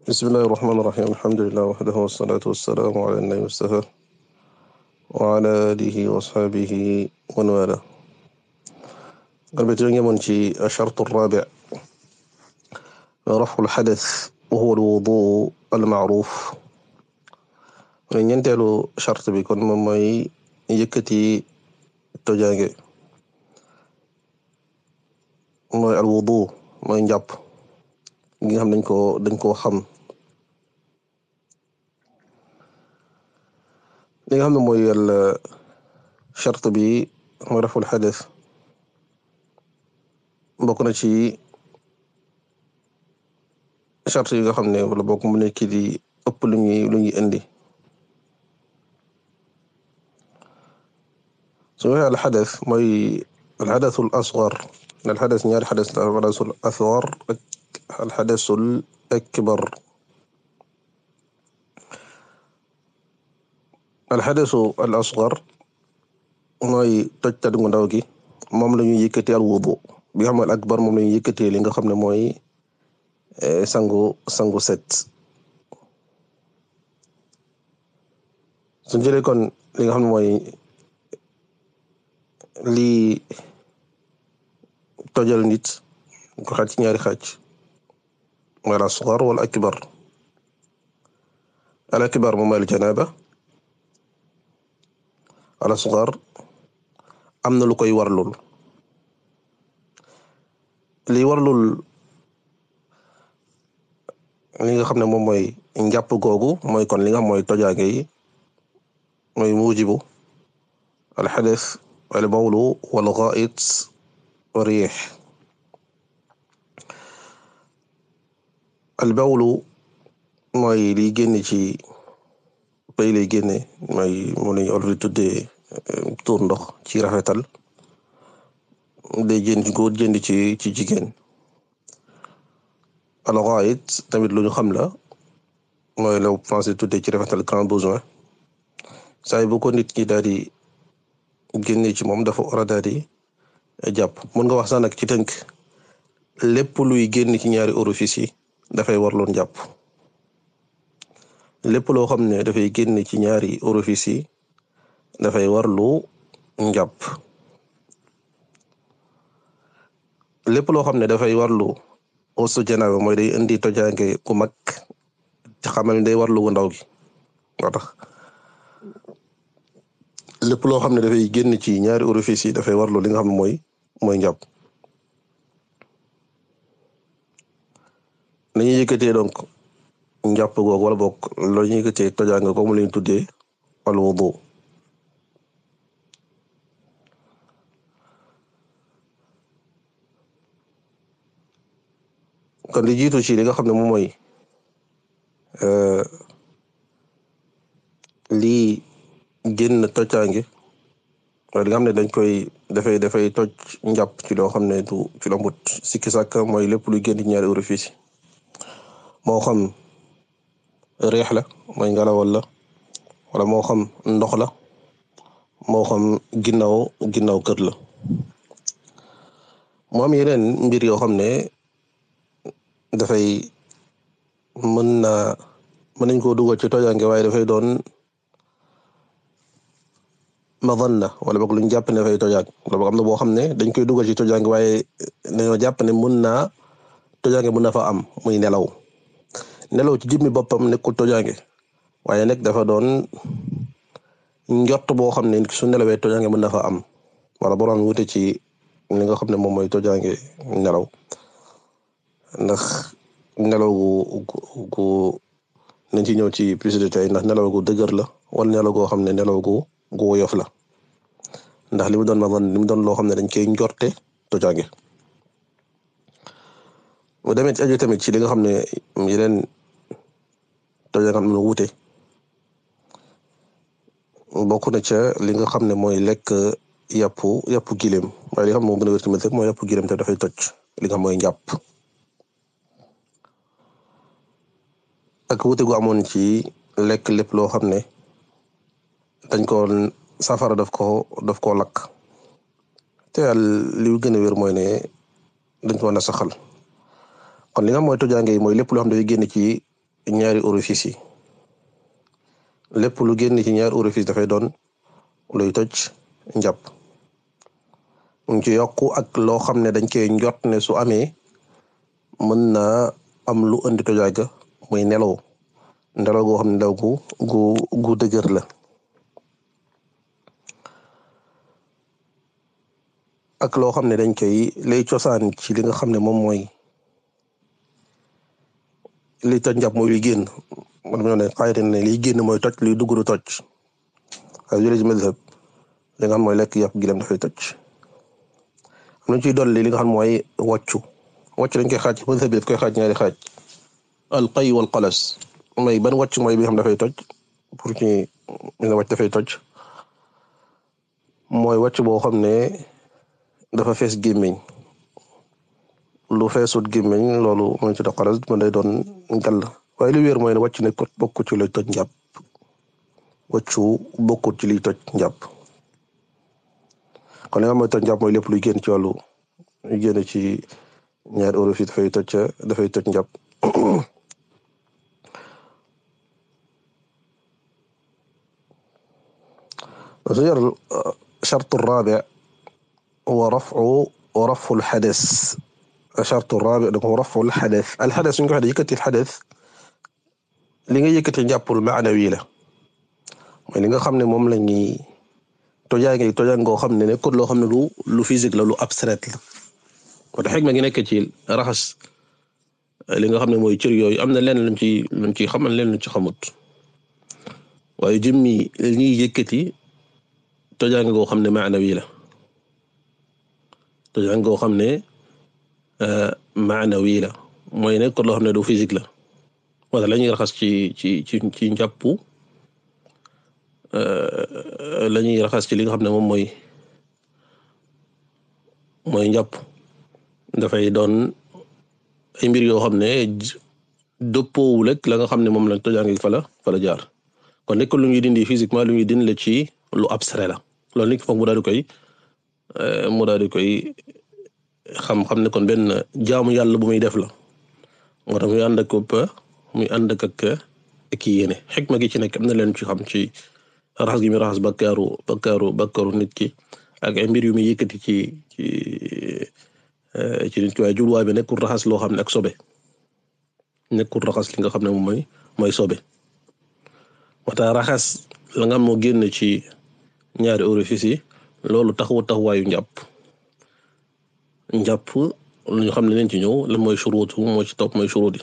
bismillahi irrahmani irrahim alhamdulilah waxdahu wassalaatu wassalaamu ala nabi mustafa wa ala alihi wa asxaabihi wa man waalaahu arbetyo ngemoon ci ashartu arraabi' raf'ul xadas wa huwa alwudu almacruuf mune ñeenteelu shart bi kon moom mooy yëkkati tojaange mooy alwudu mooy njàpp gi nga xam dañ koo dañ koo xam li nga xam ne mooy al charte bi mooy raful xades bokk na ci charte yi xam ne wala bokk mu nekk di ëpp lu ñuy lu ñuy indi su waxee al xades mooy al xadasul asgar al xades ñaari xades asgar alxadasul akbar alxadasu al asgar mooy tojtat gu ndaw gi moom la ñuy yëkkati al wudu bi xam al moom la ñuy yëkkati li nga xam ne mooy eh, sango sangu set suñ jëlee kon li nga xam ne mooy lii tojal nit ko xaaj ci ñaari xaaj wal asgar wal akbar al akbar moom al janaaba al asgar am na lu koy warlul li warlul li nga xam ne moom mooy njàpp googu mooy kon li nga mooy tojaange yi mooy muujibu al xadis wal mawlu wal gaa'it wa albawlu mooy liy génn ci bay lay génne mooy mu lañu ol di tudde euh, tuur ndox ci rafetal day génn ci góor ci ci jigéen alors tamit lu ñu xam la mooy la pensé tuddee ci rafetal grand besoin saay bu ko nit ñi daal di génne ci moom dafa war a daal jàpp mun nga wax sax nag ci tenk lépp luy génn ci ñaari orifice yi dafay warloon jàpp lépp loo xam ne dafay génn ci ñaari orifice yi dafay warlu njàpp lépp loo xam ne dafay warlu osu janaaba mooy day indi tojange ku mag ci xamal ni day warlu gu ndaw gi moo tax lépp loo xam ne dafay génn ci ñaari orifice yi dafay warlo li nga xam ne mooy mooy njàpp la ñuy yëkkatee donc njàpp googu wala bokk la ñuy yëkkatee tojaanga comme la ñu tuddee al wudu kon li jiitu ci li nga xam ne moom mooy euh, lii génn na wala li nga xam ne dañ koy dafay dafay toj njàpp ci loo xam ne du ci la mut sikki sàkk mooy lépp luy génn ñaari orifice mooxam xam réex la mooy ngelawal la wala moo xam ndox la moo xam ginnaaw la mu am yeneen mbir yoo xam ne dafay mën na mën nañ koo dugal ci tojange waaye dafay doon madanna wala boog luñ jàpp ne dafay tojang wala am na boo xam ne dañ koy dugal ci tojange waaye dañoo jàpp ne mën naa tojange mën na fa am muy nelaw nelaw ci jëmmi boppam nekkul tojange waaye nag dafa doon njott boo xam ne su nelawee tojange mën nafa am wala boroom wute ci li nga xam ne moom mooy tojaange nelaw ndax nelaw gu gu nañ ci ñëw ci plus de tey ndax nelaw gu dëgër la wala nelaw goo xam ne nelaw gu gu woyof la ndax li mu doon maanaam li doon loo xam ne dañ koy njorte tojaange mu demee ci ci li nga xam ne yeneen dana am lu wute bokk na ca li nga xam ne mooy lekk yàpp yàpp gileem waaye li nga xam moom gën a wér tamit rek mooy yàpp gileem te dafay toj li nga xam mooy njàpp ak wute gu amoon ci lekk lépp loo xam ne dañ ko safara daf ko daf koo lakk te yàlla li gën a wér mooy ne dañ ko mën a saxal kon li nga xam mooy tojaange yi mooy lépp loo xam ne dafay génn ci ñaari orifice yi lépp lu génn ci ñaari orifice dafay doon luy toj njàpp mu ngi ci yokku ak loo xam ne dañ koy njot ne su amee mën na am lu indi tojaaga muy nelaw nelaw goo xam ne daw gu gu gu dëgër la ak loo xam ne dañ koy lay cosaan ci li nga xam ne moom mooy li toj njàpp mooy liy génn man ma ne xaayate ne mooy toj liy dugg du toj waaye ji mazhab li nga xam mooy lekk yàpp gileem dafay toj am nañu ciy dool li nga xam mooy wàccu wàccu dañ koy xaaj mazhab bi daf koy xaaj ñaari xaj al qay wal qalas ban wàcc mooy bi nga xam dafay toj pour ñu ne dafay toj mooy wacc boo xam ne dafa fees gémmiñ lu feesut gémmiñ loolu mooy ci doqaras man day doon gàll waaye li wéer mooy ne wàcc ne bokkut ci luy toj njàpp wàccu bokkut ci liy toj njàpp kon li nga toj njàpp mooy lépp luy génn ci wàllu ci ñaari euro fi dafay toj dafay toj njàpp غير الشرط الرابع هو رفع ورفع الحدث الشرط الرابع هو رفع الحدث الحدث su ñu ko waxee yëkkati xadis li nga yëkkati njàppul maanawi la mooy li nga xam ne moom la ñuy tojaa ngay tojaa ngoo xam ne nekkul loo xam ne lu lu physique la lu abstrait la kon ma ngi nekk ci raxas li nga xam ne mooy cër yooyu am na leen luñ ci luñ ci xamal leen luñ ci xamut waaye jëmmi li ñuy yëkkati tojaa ngoo xam ne maanawi la tojaa ngoo xam ne Euh, maanawi la mooy nekkul loo xam ne du physique la wala la ñuy raxas ci ci ci ci njàpp euh, la ñuy raxas ci li nga xam ne moom mooy mooy njàpp dafay doon ay mbir yoo xam ne dëppoowul ak la nga xam ne moom lañ tojaange fa la fa la jaar kon nekkul lu ñuy dindi physiquement lu ñuy dindi la ci lu abstrait la loolu nit ki koy euh, mu koy xam-xam ne kon benn jaamu yàlla bu muy def la moo tax muy ànd muy ànd ak ak yéene xikma ci nekk am na leen ci xam ci raxas gi muy raxas bakkaaru nit ki ak ay mbir yu muy yëkkati ci ci eh, ci nit ki waaye jubluwaay bi nekkul raxas loo xam ne ak sobe nekkul raxas li nga xam ne moom mooy mooy sobe moo raxas la nga am moo génn ci ñaari orifice yi loolu taxawu taxawaayu njàpp njàpp ñu xam ne leen ci ñëw lan mooy churuut moo ci topp mooy churuut yi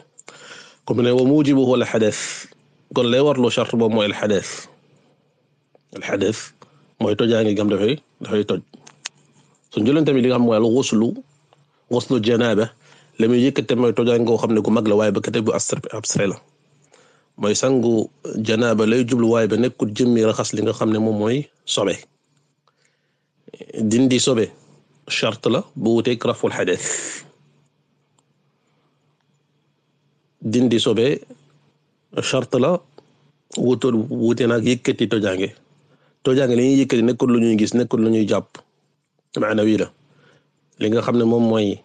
comme ne wa mujibuhu al xades kon lay warloo charte boobu mooy al xades al xades mooy tojaa ngi gam dafay dafay toj suñ jëloon tamit li nga xam mooy al xuslu xuslu janaaba la muy yëkkate mooy tojaa xam ne gu mag la waaye ba kate bu abstrait la mooy sangu janaaba lay jubluwaay ba nekkul jëmmi raxas li nga xam ne moom mooy sobe dindi sobe charte la bu wuteeg raful xadees dindi sobe chart la wutoon wute naag yëkkati tojange tojange li ñuy yëkkati nekkul lu ñuy gis nekkul lu ñuy jàpp maanaam wii la li nga xam ne moom mooy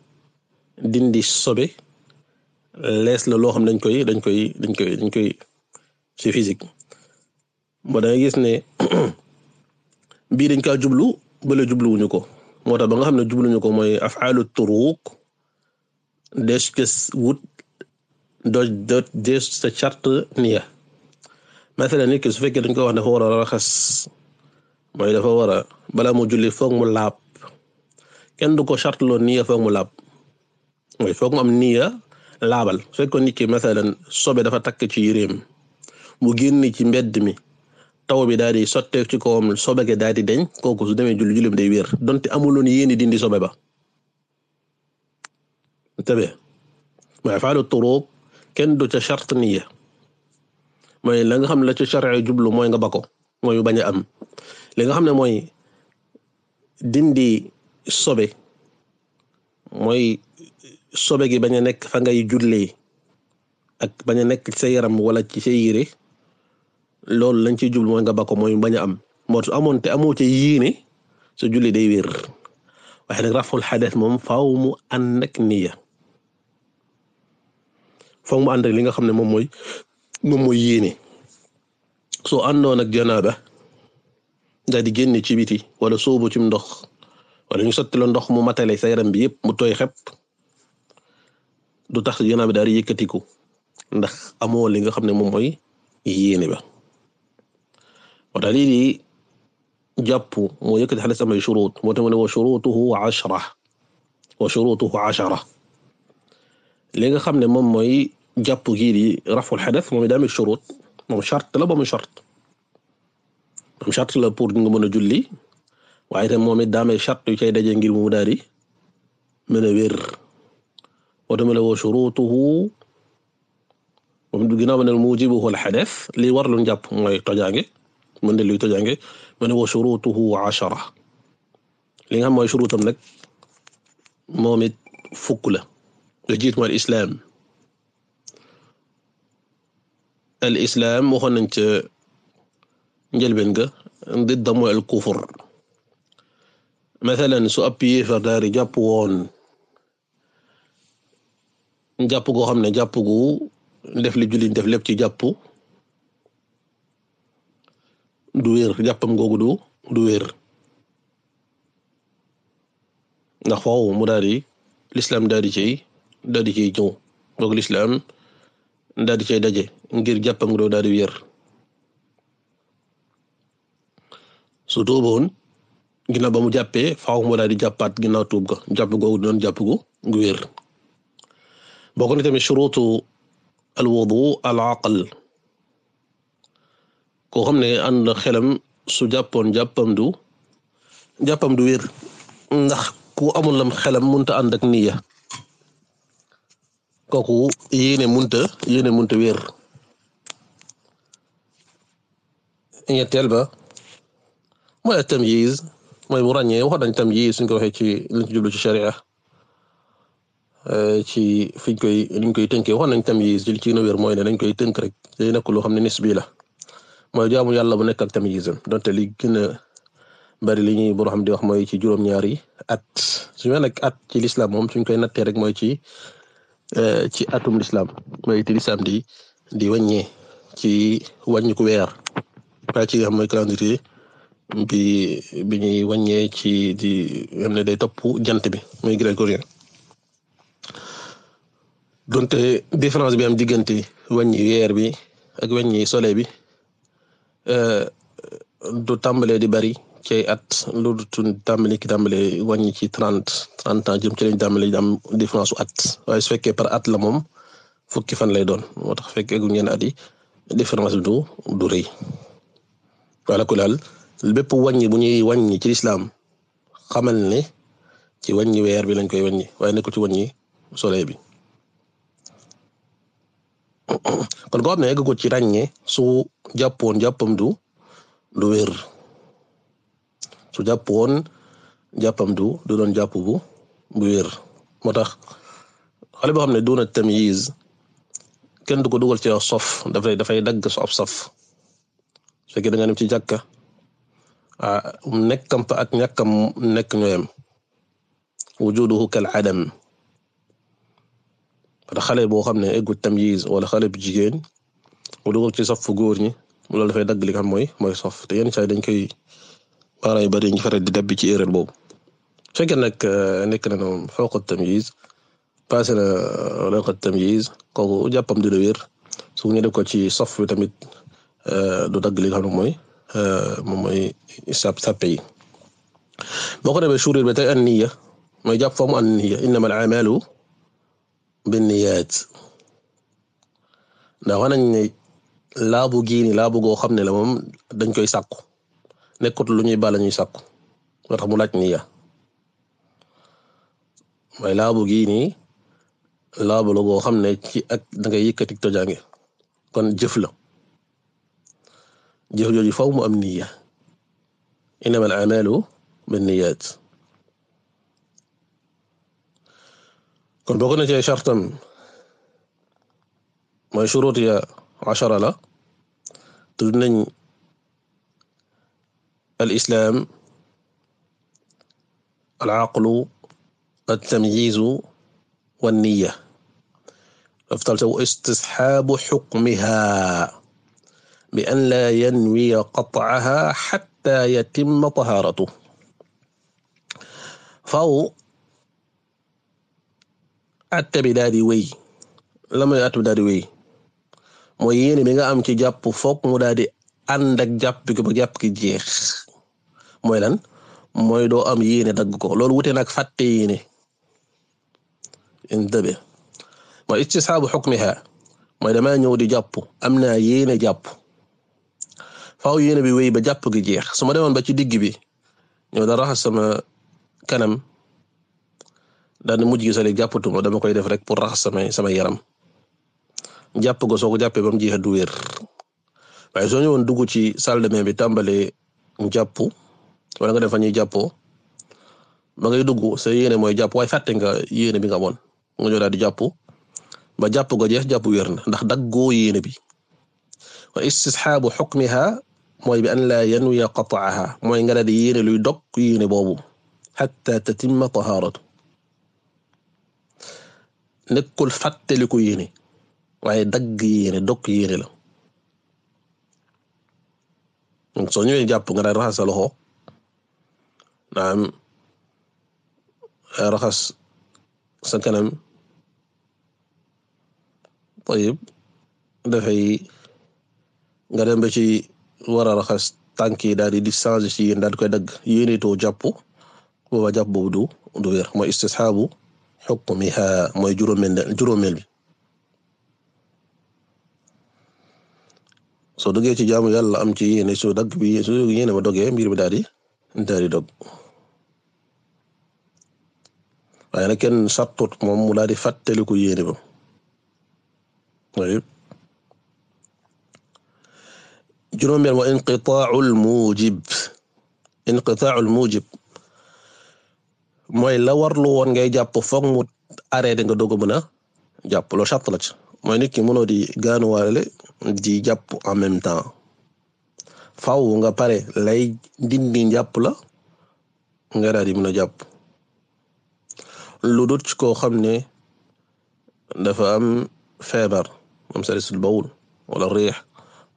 dindi sobe lees la loo xam dañ koy dañ koy dañ dañ koy ci physique ba da gis ne bii dañ kaa jublu bële jubluwuñu ko. moo tax ba nga xam ne jubluñu ko mooy afaalu turuq des kes wut doj doj des sa charte niya mathalan nit su fekkee dañ koy wax dafa war a raxas mooy dafa war a balaa mu julli foog mu laab kenn du ko charte loo niya foog mu laab mooy foog mu am niya laabal su fekkoon nit ki mathalan sobe dafa takk ci yéreem mu génn ci mbedd mi taw bi daal di sotteeku ci kawam sobe ge daal di deñ kooku su demee julli jullim day wér donte amuloon yéeni dindi sobe ba tabe ma faalu turub kenn du ca charte niya mooy la nga xam ne la jublu mooy nga bako mooy bañ a am li nga xam ne mooy dindi sobe mooy sobe gi bañ a nekk fa ngay julli ak bañ nekk ci yaram wala ci sa yére loolu lañ ciy jublu mooy nga ba ko mooy bañ a am moo su amoon te amoo yiine yéene sa julli day wér waaye nag raful xadees moom faw mu ànd ak niya faaw mu ànd ak li nga xam ne moom mooy moom yéene soo àndoon ak janaaba daal di génne ci biti wala soobu ci ndox wala ñu sotti la ndox mu matale sa yaram bi yëpp mu tooy xep du tax janaaba daal di yëkkatiku ndax amoo li nga xam ne moom mooy yéene ba. ودليلي jàppu moo yëkkati xadis amay shuruut moo tax mu ne wa shuruutuhu ashra wa shuruutuhu ashara li nga xam ne moom mooy jàpp gii di raful xadas moom daa am mën a julli waaye itam moom it daa am charte yu cay daje ngir mu daal di mën a wér moo tax mu ne wa shuruutuhu moom ginnaaw ne mujibuhu al xadas mën de luy tojange ma ne wa shurutuhu ashara li nga xam mooy shurutam nag moom it fukk la la jiit mooy islaam al islaam waxoon nañ ca njëlbeen ga didda mooy al kufur mathalan su ab yéefar daari woon jàpp goo xam ne jàpp gu def li julliñ def lépp ci jàpp du wér jàppam googu du du wér ndax faaw mu daal di lislaam daal di cay daal di boog lislaam daal di daje ngir jàppam doo daal di wér su tuuboon ginnaaw ba mu jàppee faw mu daal di jàppaat ginnaaw tuub ga jàpp googu doon jàpp gu gu wér bokk na tamit shuruutu al wudu al aql koo xam ne ànd xelam su jàppoon jàppam du jàppam du wér ndax ku amun lam xelam munta ànd ak niya kooku yéene munta yéene munta wér ñetteel ba mooy tam tamyiz mooy mu ràññee wax nañ tamyiz suñ ko waxee ci liñ ko ci sharia eh, ci fiñ koy liñ koy tënkee wax nañ tamyiz ci li ci gën a mooy ne dañ koy tënk rek day nekk loo xam ne nisbi la mooy jaamu yàlla bu nekk ak tamit tamyizam donte li gën a bari li ñuy xam di wax mooy ci juróom-ñaari at su ñu nag at ci lislaam moom suñ koy nattee rek mooy ci eh, ci atum lislaam mooy ci lislaam di di wàññee ci wàññi ku weer waaye ci nga xam mooy calendrier bi bi ñuy wàññee ci di xam ne day topp jant bi muy grégorien donte différence bi am diggante wàññi weer bi ak wàññi soleil bi. Euh, du tàmbalee di bari cee at lu tun tàmbali ki tàmbale wàññi ci trent trente ans jëm ci lañ tàmbale di am différence su at waaye su fekkee par at la moom fukki fan lay doon moo tax fekkee gu ngeen at yi différence bi du du rëy wala ku laal bépp wàññi bu ñuy wàññi ci lislaam xamal ne ci wàññi weer bi lañ koy wàññi waaye nekk ci wàññi soleil bi kon koo xam ne eggagut ci ràññee su jàppoon jàppam du du wér su jàppoon jàppam du du doon jàpp bu bu wér moo tax xale boo xam ne duna tamyiz kenn du ko dugal ci sof dafay dafay dagg sof ab saf su fekkee da nga dem ci jàkka nekkam fa ak ñàkkam nekk ñooyam wujuduhu kal adam xale boo xam ne eggul tamyiz wala xale bu jigéen mu dugg ci safu góor ñi loolu dafay dagg li nga xam mooy mooy saf te yenn saa yi dañ koy baaraay bari ñu faral di dabbi ci erreur boobu su fekkee nag euh, nekk na noonu fawqa tamyiz passé na fawqa euh, tamyiz kooku jàppam dina wér su ñu def ko ci sof bi tamit euh, du dagg li nga xam mooy moom mooy sap sappe yi boo ko defee shuruut ba tey an-niyya mooy jàpp foofu mu an binniyat ndax wax nañ ne laabu gii laabu goo xam ne la moom dañ koy sàkku nekkut lu ñuy bala ñuy sàkku loo mu laaj niya mooy laabu gii nii laabu la goo xam ne ci ak da ngay yëkkati tojange kon jëf la jëf jooju faw mu am niya innamal a'malu binniyat kon bokk na ci ay chartam mooy shurut ya ashara la tudd nañ al islaam al aqlu al tamyizu wan niya laftalta wa istisxaabu xukmiha bi an laa yanwiya qatcaha xatta yatimma tahaaratu faw atte bi daal di lama la mooy atte bi daal di wéy mooy yéene bi nga am ci jàpp foog mu daal di ànd ak jàpp gi jàpp gi jeex mooy lan mooy doo am yéene dagg ko loolu wute nag fàtte yéene in dëbe mooy istisaabu xukmiha mooy dama ñëw di jàpp am na yéene jàpp faaw yéene bi wéy ba jàpp ki jeex su ma demoon ba ci digg bi ñëw da raxas sama kanam daan mujj gi sali jàppatuma koy def rek pour raxas samay yaram jàpp ko soo ko jàppee ba mu jeex du wér soo ñëwoon dugg ci salle bi tàmbalee jàpp wala nga dem ñuy jàppoo ba ngay dugg sa yéene mooy jàpp waaye fàtte nga bi nga amoon nga ñëw di jàpp ba jàpp ga jeex jàpp wér na ndax daggoo yéene bi wa istisxaabu xukmiha mooy bi an laa yanwiya qataaha mooy nga daal di yéene luy dog yéene boobu xatta tatimma tahaaratu nekkul fàttaliku yéene waaye dagg yéene dokk yéene la donc soo ñëwee jàpp nga daal raxas sa loxo naam raxas sa kanam tayib dafay nga dem ba ci war a raxas tànk yi daal di changer ci yéen daal koy dagg yéene too jàpp booba jàpp boobu du du wér mooy xukmiha mooy juróomeel juróomeel bi soo dogee ci jaamu yàlla am ci yéene soo dagg bi soo yéene dogee mbir mi daadi di dog waaye kenn sàttut moom mu daal di fàttaliku yéene ba waaye juróomeel wa inqitaa'ul muujib inqitaa'ul muujib mooy la warlu woon ngay jàpp foog mut arrêté nga doog a mën a jàpp loolu charte la ci mooy nit ki mënoo di gaanuwaale di jàpp en même temps faw nga pare lay dindi jàpp la nga daal di mën a jàpp lu dut koo xam ne dafa am feebar moom salisul bawul wala riix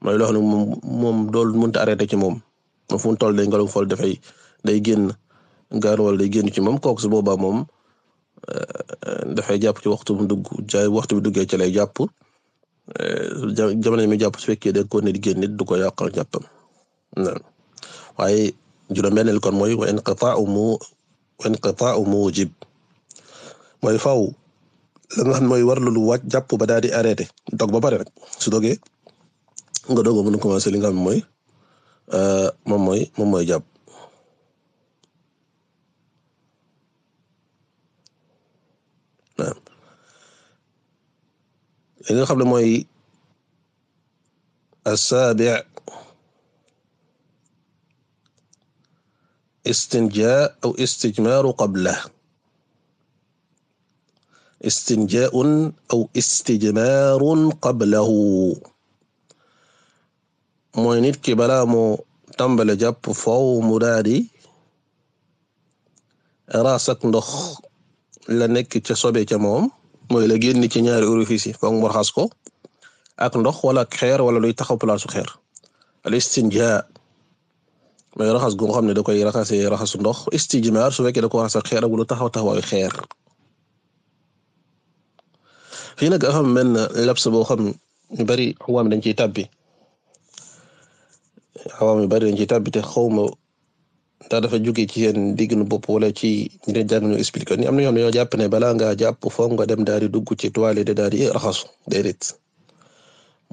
mooy loo xam ne moom moom dool mënta arrêté ci moom moom fu mu toll day ngelaw fol dafay day génn. gaar wala de génn ci moom kooku su boobaa moom euh, dafay jàpp ci waxtu bu dugg jaay waxtu bi duggee ci lay jàpp euh, jamono yi muy jàpp su de da ko ne di génn nit du ko yàqal jàppam waaye juróom-benneel kon mooy wa inqitaa'u mu wa inqitaa'u muujib mooy faaw la nga xam mooy warlu lu wàcc jàpp ba daal di arrêté dog ba pare rek su dogee nga doog a mën a commencé li nga xam mooy euh, moom mooy moom mooy jàpp. li nga xam ne mooy assaabi istinjaa aw istijmaaru qablah istinjaaun aw istijmaarun qablahu mooy nit ki balaa mu tàmbale jàpp foow mu daadi raas ndox la nekk ca sobe ca moom mooy la génn ci ñaari orifice yi foog mu raxas ko ak ndox wala ak xeer wala luy taxaw palaasu xeer al istinja mooy raxas gu xam ne da koy raxasee raxasu ndox istijmaar su fekkee da ko raxas a xeer ak lu taxaw taxawaayu xeer fii nag dafa am benn laps boo xam ñu bari a dañ ciy tabbi xawaam yu bari dañ ciy tabbi te xawma ndax dafa jóge ci seen digg bopp wala ci ñu jàng expliqué ni am na ñoo xam ne ñoo jàpp ne balaa ngaa jàpp foog nga dem daal di dugg ci toilette daal di raxasu déedéet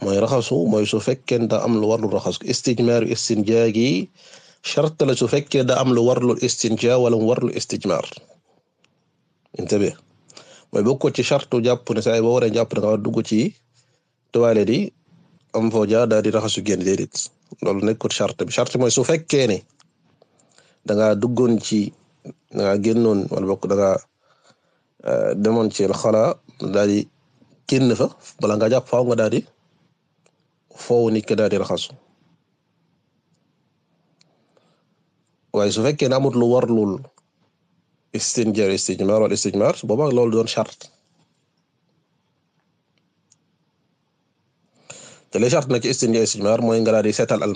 mooy raxasu mooy su fekkee da am lu warlu raxasu istijmaaru istinjaa gi chart la su fekkee da am lu warlu istinjaa wala mu warlu istijmaar intabe mooy bokk ci jàpp ne saa yi boo waree jàpp ne nga war dugg ci toilette yi am foo jaar daal di raxasu génn déedéet loolu nekkul chart bi charte mooy su fekkee ne da ngaa duggoon ci da ngaa wala bokk da euh, demoon ci xala daal di fa bala nga jàpp faaw nga daal di foowu nit ki daal raxasu waaye su fekkee ne amut lu warlul istinjaar istijmaar wala istijmaar booba loolu doon chart te li chart nag ci istinjaar mooy nga daal di seetal al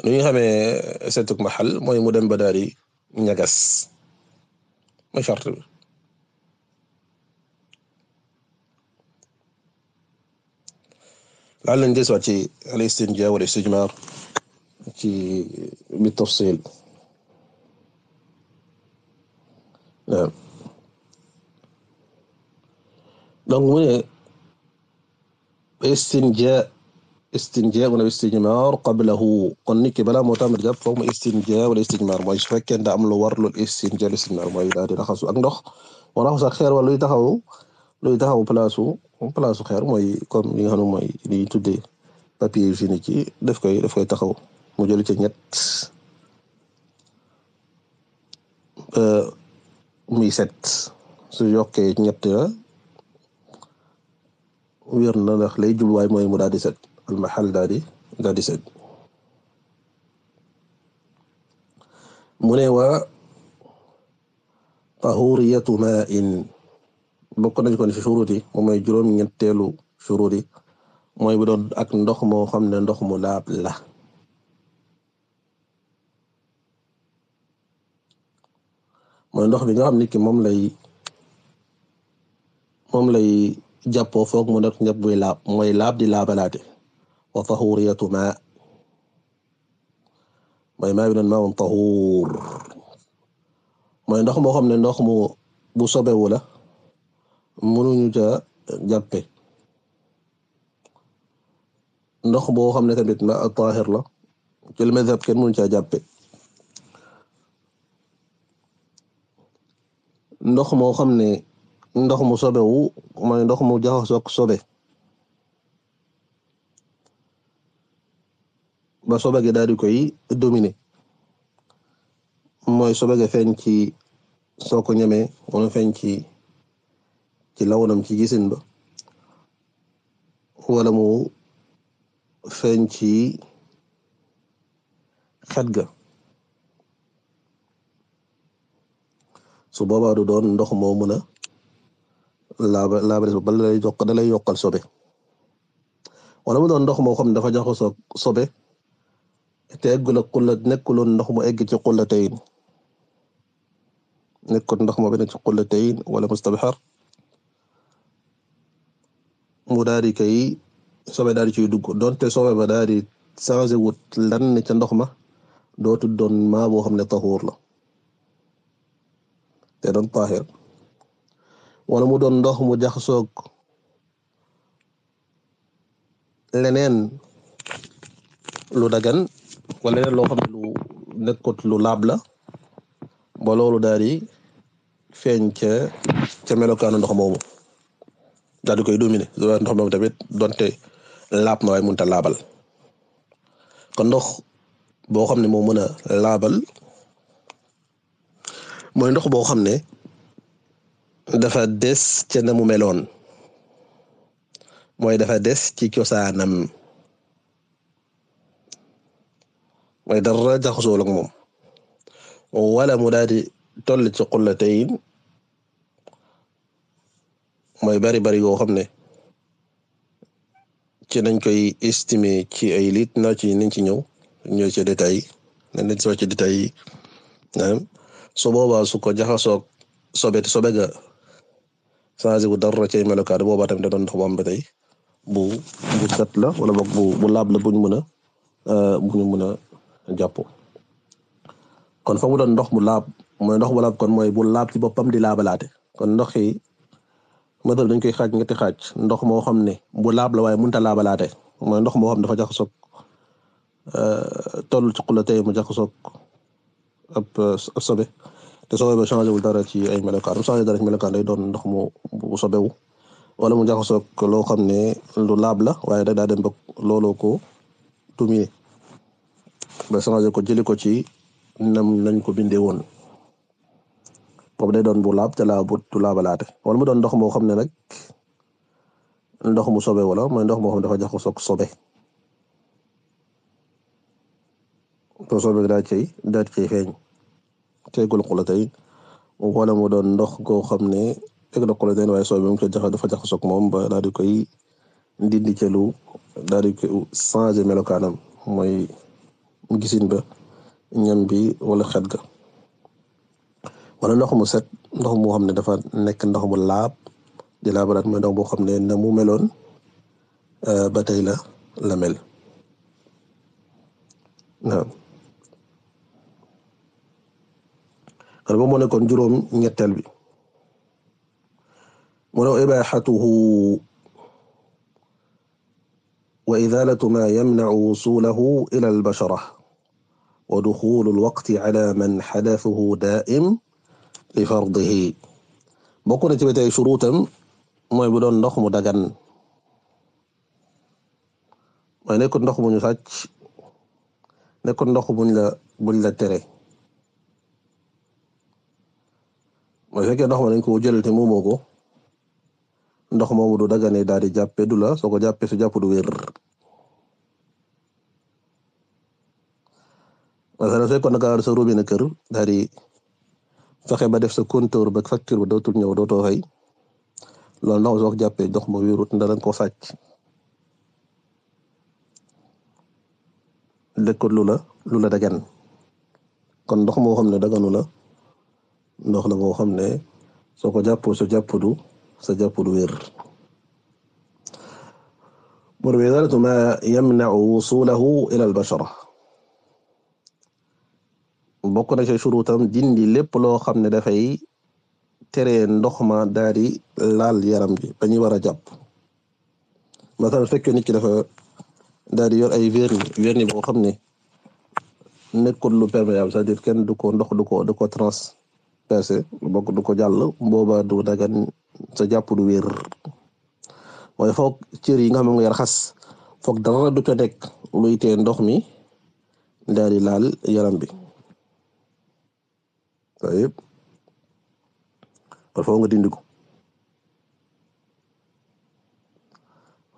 nu ñu xamee seetug maxal mooy mu dem ba daal di ñagas bi laal lañ desuwaat ci al istinja wala istijmar ci bi tafsil donc mu ne istinja istinja wala istijmaar qablahu kon nit ki balaa moo tax jàpp foog mu istinja wala istijmaar mooy su fekkee daa am lu war loolu istinja wala istijmaar mooy daal di raxasu ak ndox wala raxasu ak xeer wala luy taxaw luy taxaw palaasu palaasu xeer mooy comme li nga xam ne mooy li ñuy tuddee papier hygiénique yi daf koy daf koy taxaw mu jël ci ñett muy set su yokkee ñett la wér na ndax lay jubluwaay mooy mu daal di set. al mahal daal di daal di set mu ne waa tahuriyatu ma'in bokk nañ kon ci shuruti moom mooy juróom ñetteelu shuruti mooy bu ak ndox moo xam ne ndox mu laab la mooy ndox bi nga xam ne moom lay moom lay jàppoo foog mu nekk ñëpp buy laab mooy laab di laabalaate wa tahuuriyatu maa mooy maa yu doon maawun tahuur mooy ndox moo xam ne ndox mu bu sobewu la mënuñu ca jàppe ndox boo xam ne tamit ma taahir la ci lu madhab kenn mënuñu caa jàppe ndox moo xam ne ndox mu sobewu mooy ndox mu jaxasoo ak sobe ba sobage daal di koy dominer mooy sobage feeñ ci soo ko ñemee feeñ ci ci lawanam ci gisin ba wala mu feeñ ci xet ga su boobaa du doon ndox moo mën a laaba laabare ba lay yokk da lay yokkal sobe wala mu doon dox moo xam ne dafa jaxasoo sobe te eggul ak xulla nekkuloon ndox mu egg ci xullatayn nekkul ndox mu benn ci xullatayn wala mustabxar mu daal kay koy sobe daal di ciy dugg donte sobe ba daal di changé wut lan ne ca ndox ma dootu doon maa boo xam ne taxuur la te doon taahir wala mu doon ndox mu jaxasoog leneen lu dagan wala leneen loo xam ne lu laab la ba loolu daal di feeñ ca ca melokaanu ndox moomu daal di koy dominer ndox moomu tamit donte laab na waaye mënut laabal kon ndox boo xam ne moo mën a laabal mooy ndox boo xam ne dafa des ca na mu meloon mooy dafa des ci cosaanam. mooy dara jaxasoo ak moom wala mu daal di toll ci qullatayn mooy bari bari yoo xam ne ci nañ koy estimer ci ay lit naa ci nañ ci ñëw ñëw ci détail nañ leen soo ci détail yi boobaa su ko jaxasoo sobe sobe ga changé wu dara ci melokaan boobaa tamit da doon ndox bu am ba tey bu bu set la wala boog laab la buñ mën a euh, buñu jàpp kon fa mu doon ndox mu laab mooy ndox mu laab kon mooy bu laab ci boppam di laabalaate kon ndox yi mëtër dañ koy xaaj ñetti xaaj ndox moo xam ne bu laab la waaye mënut a laabalaate mooy ndox moo xam dafa jaxasoo euh, toll ci xula tey mu jaxasoo ab sobe te sobe ba changé dara ci ay melokaan bu changé melokaan day doon ndox mu bu sobewu wala mu jaxasoo loo xam ne lu laab la waaye da daa dem ba looloo ko dominer ba changé ko jëli ko ci nam lañ ko bindee woon boobu day doon bu laab te laabut du laabalaate wala mu doon ndox moo xam ne nag ndox mu sobe wala mooy ndox moo xam ne dafa jox daal sobe to sobe xeeñ cay daa cay tey teegul xulatay wala mu doon ndox goo xam ne teg na xulatay waaye sobe mu ko jax dafa jax soog moom ba daal di koy dindi ca lu daal changé melokaanam mooy gisin ba ñam bi wala xet ga wala ndox mu set ndox mu xam ne dafa nekk ndox mu laab di laabalaat mooy ndox boo xam ne na mu meloon euh, ba tey la la mel waaw xan ba moo nekkoon juróom ñetteel bi mu ne ibaxatuhu wa izalatu ma yamna'u wusulahu ila bashara ودخول الوقت على من xadafuhu daaim li fardihi bokk na ci ba tey shuruutam mooy bu doon ndox mu dagan mooy nekkul ndox mu ñu sàcc nekkul ndox buñ la buñ la tere mooy fekkee ndox ma dañ ko jël te moomoo ko ndox moomu du dagane daal di jàppe du la soo ko jàppe su jàpp du wér maanaam su fekkoon da ngaa war sa robinet kër daal di fexe ba def sa compteur ba facture ba dootul ñëw dootoo fay loolu nag soo ko jàppee ndox mu wéerut ndax da nga koo sàcc lekkut lu la lu la dagan kon ndox moo xam ne daganu la ndox la moo xam ne soo ko jàppoo sa jàpp du sa jàpp du wér. mu ne wa izaalatu maa yamna'u wusuulahu ilal bokk na ci suruutam dindi lépp loo xam ne dafay tere ndox ma daal laal yaram bi ba ñu war a jàpp masalan fekkee nit ki dafa daal di yor ay vernis vernis boo xam ne nekkul lu perméable cest dire kenn du ko ndox du ko du ko transpercé du ko jàll booba du dagan sa jàpp du foog cër yi nga xam nga yar xas foog dara du ca nekk luy tee ndox mi daal laal yaram bi طيب kon faaw nga dindi ko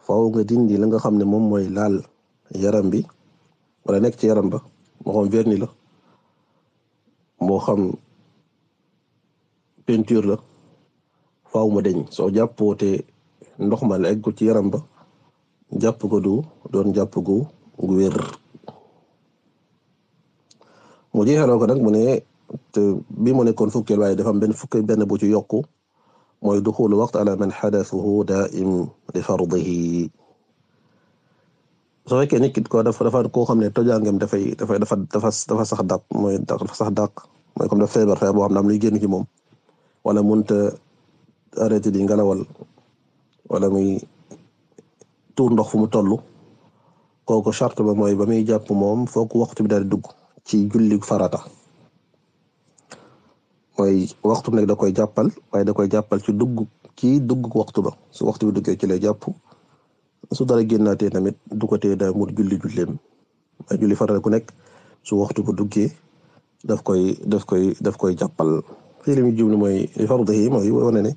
faaw nga dindi la nga xam ne moom mooy laal yaram bi wala nekk ci yaram ba moo xam vernis la moo xam peinture la faaw mu deñ soo jàppoo te ndox ma la eggu ci yaram ba jàpp ko du doon jàpp gu gu wér mu jeexaloo ko nag te bii moo nekkoon fukkeel waaye dafa am benn fukk benn bu ci yokku mooy duxulu waqt ala man xadasuhu daa'im li fardihi soo fekkee nit ki ko dafa dafa koo xam ne tojaangem dafay dafay dafa dafa dafa sax dàq mooy dafa sax dàq mooy comme dafa feebar feebar boo xam ne am luy génn ci moom wala munta di ngalawal wala muy tuur ndox fu mu toll kooku charte ba moy ba muy jàpp moom foog waxtu bi daal dugg ci julli farata mooy waxtu bi nag da koy jàppal waaye da koy jàppal ci dugg ci dugg waxtu ba su waxtu bi duggee ci lay jàpp su dara tamit du ko tee daa mut julli julleem waaye julli faral ku nekk su waxtu bu daf koy daf koy daf koy jàppal fii li muy jublu mooy fardu yi mooy wane ne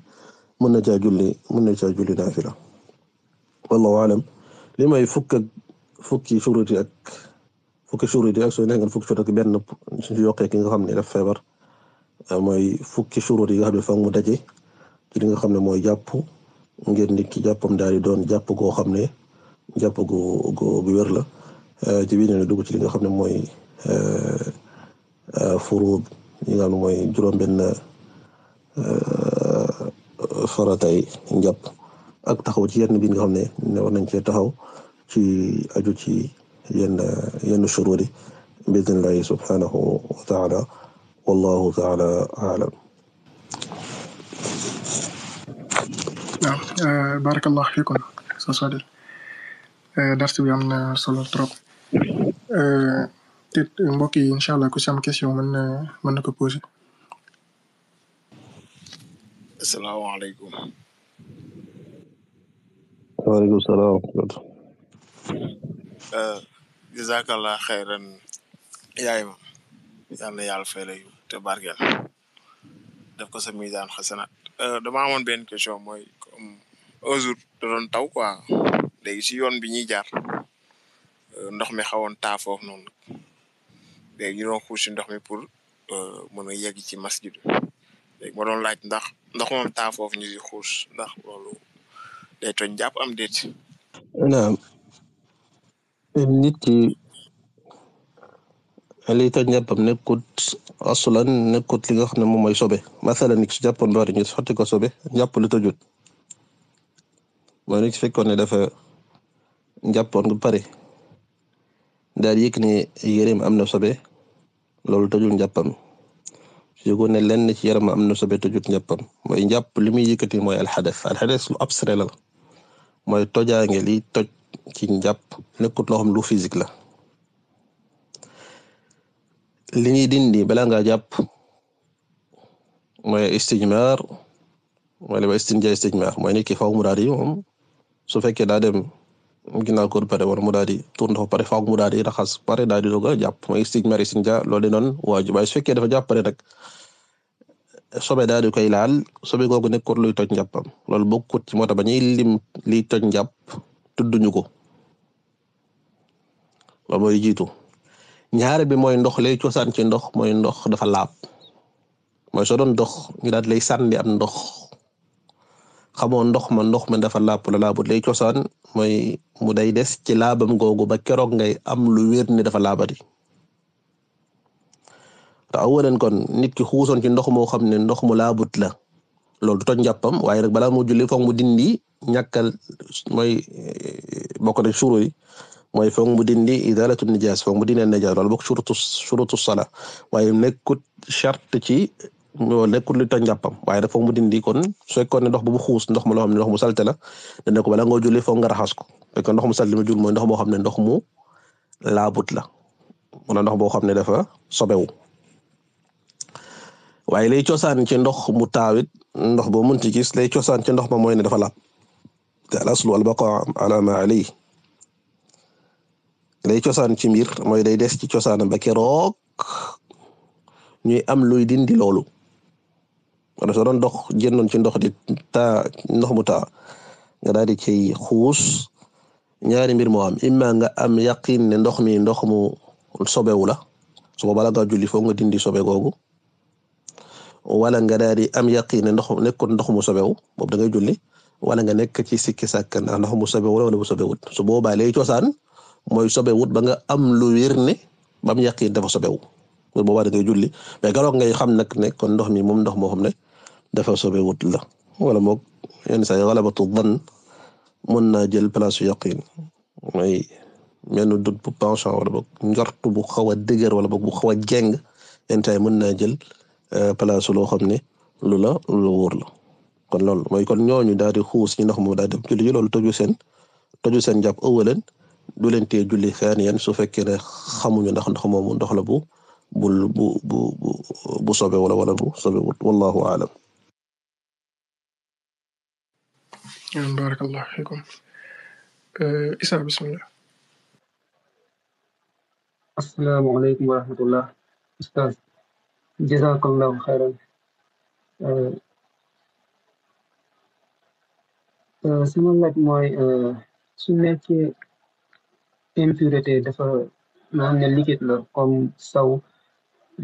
mën na caa julli mën na caa julli naafila wallahu alam may fukk ak fukki shuruti ak fukki shuruti ak soo nekkoon fukki shuruti ak benn su yokkee ki nga xam ne daf feebar Euh, mooy fukki shuruut yi nga xam ne foog daje ci li nga xam ne mooy jàpp ngir nit ki jàppam daal di doon jàpp goo xam ne jàpp gu gu bu wér la euh, ci biir dugg ci li nga xam ne mooy euh, furuud ne mooy juróom-benn faratay jàpp ak taxaw ci yenn bi nga xam ne war nañ cee taxaw ci aju ci yenn yenn shuruut yi bi idnillahi subhanahu wa wallahu taala alam waaw eh, barakallahu fikum so sodi eh, dars bi am na trop eh, te mbokk yi incha allah ku si question mën na mën na ko posé asalaamaaleykum waaleykum salaam wa rahmatulah jazakallah xayran yaay ma yàlla yàlla fay te barkeel def ko sa misaan na euh, dama amoon benn question mooy comme un jour da doon taw quoi léegi si yoon bi ñuy jaar euh, ndox mi xawoon taa foofu noonu léegi ñu doon xuus si ndox mi pour euh, mën a yegg ci masjid léegi ma doon laaj ndax ndox moom taa foofu ñu si xuus ndax loolu jàpp am déet. nit ki lii toj njàppam nekkut asulan nekkut li nga xam ne moom mooy sobe masalan nit su jàppoon ba pare ñu ko sobe njàpp lu tojut mooy nit su fekkoon ne dafa njàppoon ba pare daal yëg ne yéreem am na sobe loolu tojul njàppam su yëgoon lenn ci yaram am na sobe tojut njàppam mooy njàpp li muy yëkkati mooy alxades alxades lu abstrait la mooy tojaange li toj ci njàpp nekkut loo xam lu physique la. li ñuy dindi balaa ngaa jàpp mooy istijmaar mooy li ba istinja istijmaar mooy nit ki mu daal moom su fekkee daa dem ginnaaw kër pare wala mu daal di ndox pare faaw mu daal di raxas pare daal di doog a jàpp mooy istijmaar istinja loolu di noonu waajib waaye su fekkee dafa jàpp pare nag sobe daal koy laal sobe googu nekkul luy toj njàppam loolu bokkut ci moo tax ba ñuy lim liy toj njàpp tudduñu ko loolu mooy jiitu. ñaare bi mooy ndox lay cosaan ci ndox mooy ndox dafa laab mooy soo doon dox ñu daal lay sànni am ndox xamoo ndox ma ndox ma dafa laab la laabut lay cosaan mooy mu day des ci laabam googu ba keroog ngay am lu wér ne dafa laabati te awalan kon nit ki xuusoon ci ndox moo xam ne ndox mu laabut la loolu du toj njàppam waaye rek balaa mu julli foog mu dindi ñàkkal mooy eh, bokk na suuru yi mooy foog mu dindi idaalatu nijaas foog mu dindi nijaas loolu bokk shurutu shurutu sala waaye nekkut charte ci loolu nekkul li toj njàppam waaye dafa mu dindi kon su fekkoon ne ndox bu bu xuus ndox ma loo ndox mu salte la dana ko bala nga julli foog nga raxas ko fekkoon ndox mu salte ma jul mooy ndox moo xam ne ndox mu laabut la wala ndox boo xam ne dafa sobewu waaye lay cosaan ci ndox mu taawit ndox boo mënti gis lay cosaan ci ndox ma mooy ne dafa laab te al aslu al baqa ala day cosaan ci mbir mooy day des ci cosaanam ba keroog ñuy am luy dindi loolu wala soo doon dox jëndoon ci ndox di taa ndox mu taa nga daal di cay xuus ñaari mbir moo am imma nga am yaqin ne ndox mi ndox mu sobewu la su bala nga julli foog nga dindi sobe googu wala nga daal di am yaqin ne ndox nekkul ndox mu sobewu boobu da ngay julli wala nga nekk ci sikki sàkk ndax ndox mu sobewu la wala mu sobewut su boobaa lay cosaan mooy sobewut ba nga am lu wér ne bam mu yàqin dafa sobewu bu boobaa da ngay julli mais garoog ngay xam nag ne kon ndox mi moom ndox moo xam ne dafa wut la wala moog yenn saa yi galabatu dhann mën naa jël place yaqin mooy menn dut bu penchant wala boog njort bu xaw a wala boog bu xaw a jeng yenn saa yi mën naa jël euh, place loo xam ne lu la lu wóor la kon loolu mooy kon ñooñu daal di xuus ñi ndox moom daal di julli loolu toju seen toju seen jàpp ëwaleen du leen tee julli saaniyan su fekkee ne xamuñu ndax ndox moomu ndox la bu bul bu bu sobe wala wala bu sobe wallahu aalam barakallahu fiikum eh, Isa bismillah assalaamu aleykum wa rahmatullah ustaz jazakallahu xayran eh, eh, impurité dafa maa la comme saw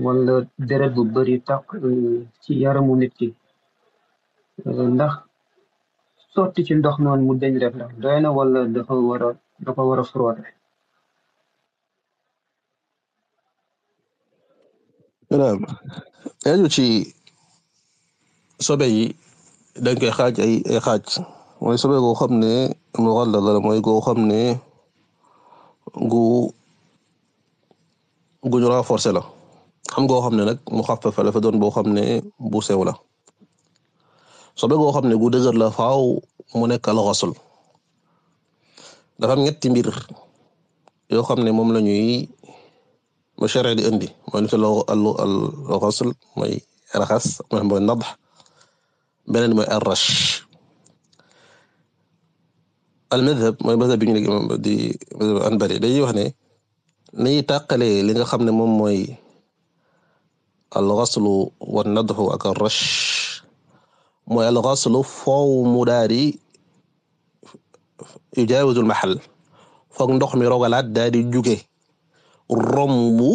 wala deret bu bari takk euh, ci yaramu nit ki euh, ndax sotti ci ndox noonu mu deñ rek la doy wala dafa war a dafa war a ci sobe dañ koy xaaj mooy sobe goo xam ne mu la mooy goo xam gu gu ñu renforcer la xam goo xam ne nag mu xafafa dafa doon boo xam ne bu la sobe goo xam ne gu dëgër la faw mu nekk al ghusl dafa am ñetti mbir yoo xam ne moom la ñuy ma sharé di indi mooy lu al al ghusl mooy al madhab mooy madhab bi ñu nekk imam di Anbari dañuy wax ne nañuy tàqalee li nga xam ne moom mooy al ghaslu wa nadhu ak ar rash mooy al ghaslu mu daal di yujaawizu al mahal foog ndox mi rogalaat daal di juge rombu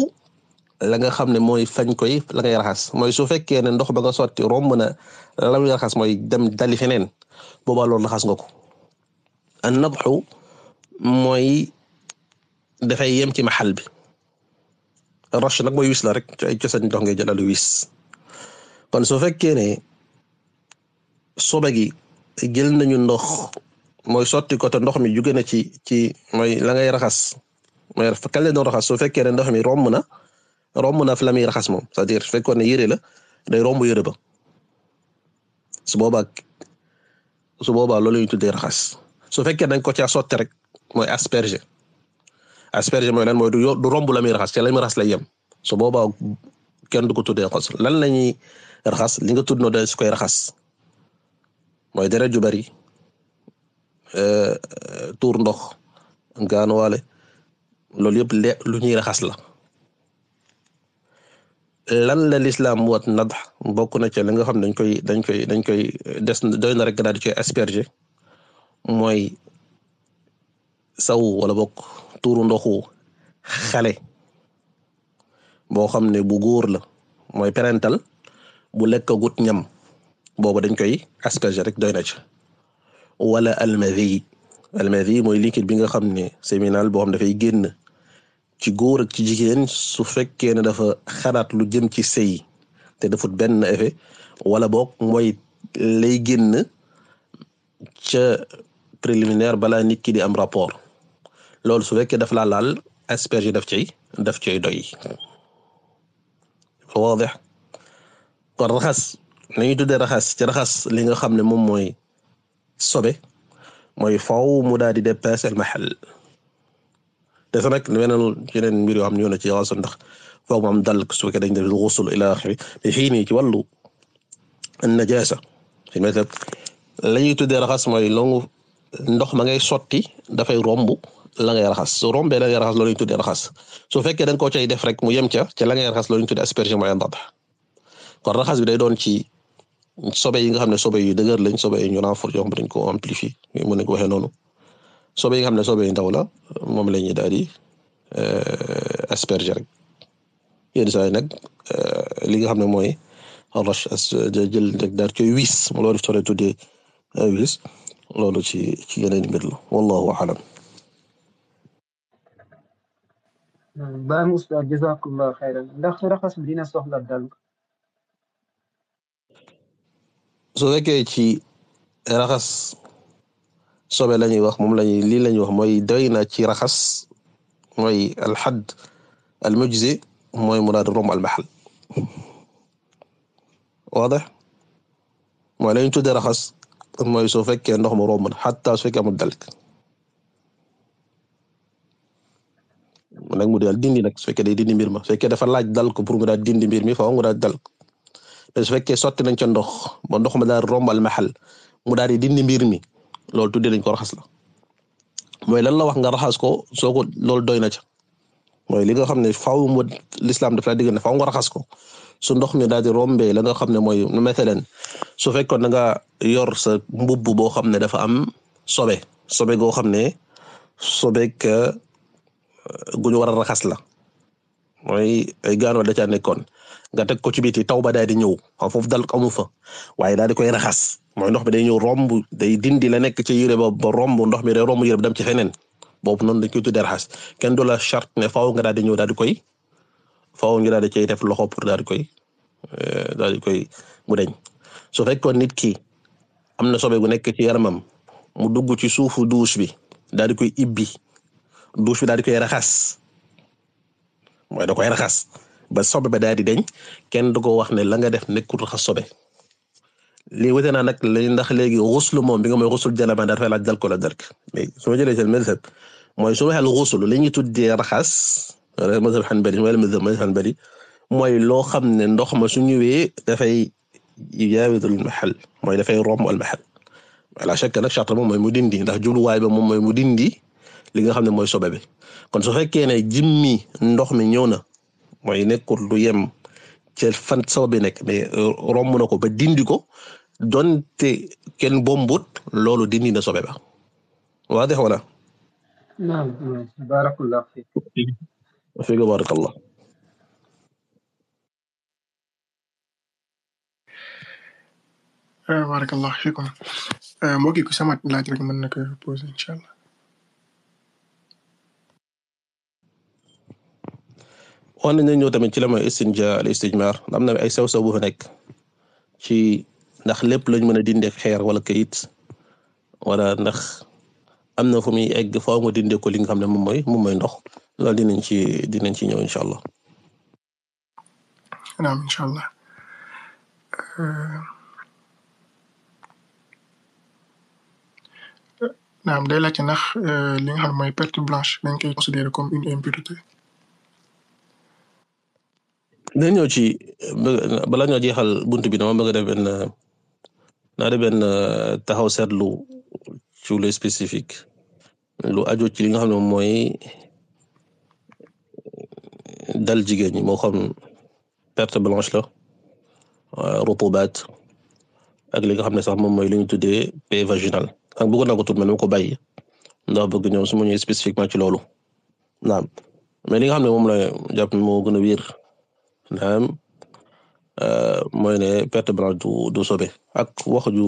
la nga xam ne mooy fañ koy la ngay raxas mooy su fekkee ne ndox ba nga sotti romb na la muy raxas mooy dem dali feneen boobaa raxas nga ko an nadxu mooy dafay yem ci maxal bi roch nag mooy wis la rek ci ay cosaan dox ngay jëlalu wis kon soo fekkee ne sobe gi jël nañu ndox mooy sotti ko ndox mi jóge na ci ci mooy la ngay raxas mooy kañ la doon raxas su fekkee ne ndox mi romb na romb na fi la muy raxas moom cest à su fekkoon ne yére la day romb yére ba su boobaa su boobaa loolu ñu tuddee raxas. su fekkee dañ nga ko caa sotti rek mooy asperger asperger mooy lan mooy du du romb la muy raxas ca la muy raxas lay yem su boobaa kenn du ko tuddee xos lan la ñuy raxas li nga tudd noo da su koy raxas mooy deret ju bari euh, tuur ndox gaanuwaale loolu yëpp le lu ñuy raxas la lan la lislaam wat nadax bokk na ca li nga xam dañ koy dañ koy dañ koy des doy na rek daal di asperger mooy saw wala bokk tuuru ndoxu xale boo xam ne bu góor la mooy parental bu lekkagut ñam boobu dañ koy asperger rek doy na ci wala almadhi almadhi mooy liquide bi nga xam ne seminal boo xam dafay génn ci góor ak ci jigéen su fekkee ne dafa xalaat lu jëm ci sëy te dafut benn effet wala boog mooy lay génn ca préliminaire balaa nit di am rapport loolu su fekkee daf laa laal asperge daf ciy daf ciy doy waadix kon raxas li tuddee raxas ci raxas li nga xam ne moom mooy sobe mooy faw mu daal di dépassé al mahal des nag weneen yeneen mbir yoo xam ne ñoo ci waaso ndax foog mu am dal su fekkee dañ def xusul ila axiri li xii nii ci wàllu najaasa fi tuddee raxas mooy longu ndox ma ngay sotti dafay romb la ngay raxas soo rombee la ngay raxas loolu ñu tuddee raxas su fekkee da nga koo cay def rek mu yem ca ca la ngay raxas loolu ñu tuddee asperge mooy raxas bi day doon ci sobe yi nga xam ne sobe yu dëgër lañ sobe yi ñu renforcer yomb dañ ko amplifier mën nañ ko waxee noonu yi nga xam sobe yu ndaw la moom la ñuy daal di euh, asperger rek yenn saa yi nag euh, li nga xam ne mooy roche euh, jël rek daal koy wis mu loolu sore tuddee wis loolu ci ci yeneen mbir la wallahu alam baa mu ustaad jazakumullahu xayran ndax raxas bi dina soxla dal su fekkee ci raxas sobe la ñuy wax moom lañuy lii la ñuy wax mooy doy na ci raxas mooy alxad almujzi mooy muraad rom almaxal waadex mooy lañ tudde raxas mooy soo fekkee ndox mu romb na xataa su fekkee amul dalik nag mu daal dindi nag su fekkee day dindi mbir ma fekkee dafa laaj dal ko pour mu daal dindi mbir mi faaw mu daal dal ko mais su fekkee sotti nañ ca ndox ba ndox ma daal rombal maxal mu daal di dindi mbir mi loolu tuddee nañ ko raxas la mooy lan la wax nga raxas ko soo ko loolu doy na ca mooy li nga xam ne faw mu lislaam dafa la digg ne faaw nga raxas ko su ndox mi daal di rombee la nga xam ne mooy matalan su fekkoon da nga yor sa mbubb boo xam ne dafa am sobe sobe goo xam ne sobeeg euh, gu ñu war a raxas la mooy ay gaanwal da caa nekkoon nga teg ko ci biti taw ba di ñëw xam foofu dal amu fa waaye daal di koy raxas mooy ndox mi day ñëw romb day dindi la nekk ci yére ba ba romb ndox mi day romb yére ba ci feneen boobu noonu dañ koy tuddee raxas kenn du a charte ne faaw nga daal di ñëw daal di koy faaw ñu daal di cay def loxo pour daal koy eh, daal di koy mu deñ su fekkoon nit ki am na sobe gu nekk ci yaramam mu dugg ci suufu duus bi daal di koy ibbi douche bi daal di koy raxas mooy da koy raxas ba sobe ba daal di deñ kenn du ko wax ne la nga def nekkul raxas sobe lii wute naa nag ndax léegi xuslu moom bi nga mooy xusul janaba daal dafay laaj dal ko la dalk mais su ma jëlee mooy su ma xel xuslu li ñuy tuddee raxas. mazhab hanbali wala mazhab hanbali mooy loo xam ne ndox ma su ñëwee dafay yaawidul mahal mooy dafay romb a mahal wala shakk nag charte moom mooy mu dindi ndax jubluwaay ba moom mooy mu dindi li nga xam ne mooy sobe kon su fekkee ne jimmi ndox mi ñëw na mooy nekkul lu yem ca fan sobe bi nekk mais euh, romb na ko ba dindi ko donte kenn bombut loolu dindi na sobe ba waaw وفيك بارك الله بارك الله فيكم mbokk yi ku samaat laaj rek mën na ko posé allah. wax nañ ñëw tamit ci la mooy am na ay sew-sew bu fa nekk ci ndax lépp lañ mën a dindi ak xeer wala kayit wala ndax. am na fu mi egg faaw nga dindi ko li nga xam ne moom mooy moom mooy ndox loolu dinañ ci dinañ ci ñëw incha allah. naam incha allah. Euh, naam day laajte nax euh, li nga xam ne mooy blanche dañ koy considérer comme une impureté. dinañ ñëw ci bala ñoo jeexal bunt bi dama bëgg a def benn naa def benn euh, taxaw seetlu ci lu spécifique lu aju ci li nga xam ne mooy dal jigéen ñi moo xam perte blanche la euh, rutubaat ak li nga xam ne sax moom mooy li ñu tuddee paix vaginale ak bëggoon naa ko tudd man ma ko bàyyi ndax bëgg ñoom suma ma ñëwee spécifiquement ci loolu naam mais li nga xam ne moom la jàpp moo gën a wér naam Euh, mooy ne perte blanche du du sobe ak wax ju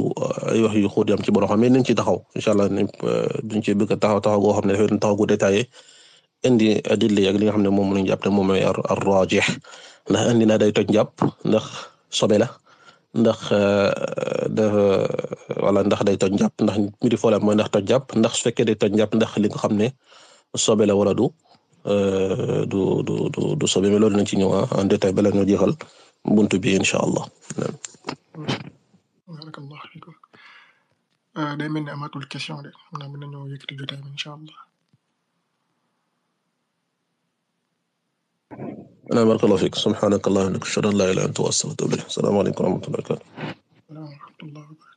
ay wax yu xóot yam ci borom xam mais nañ ci taxaw incha allah euh, duñ ci bëgg a taxaw taxaw goo xam ne dafay taxaw gu détaillé indi adilla ak li nga xam ne moom lañ jàpp ne moom mooy ar-rajih ndax indi na day toj jàpp ndax sobe la ndax euh, dafa wala ndax day toj jàpp ndax mi di foolam mooy ndax toj jàpp ndax su fekkee day toj jàpp ndax li nga xam ne sobe la wala du du du du sobe mais loolu nañ ci ñëw ah, en détail bala ñu jeexal buntu bi incha allah. barakallahu fikum euh, day mel ni amaatul question de xam naa mën nañoo yëkkati jotaay bi incha allah. ana barakallahu fikum subhanaka allahumma ashhadu an la ilaha illa anta astaghfiruka wa atubu ilayk assalamu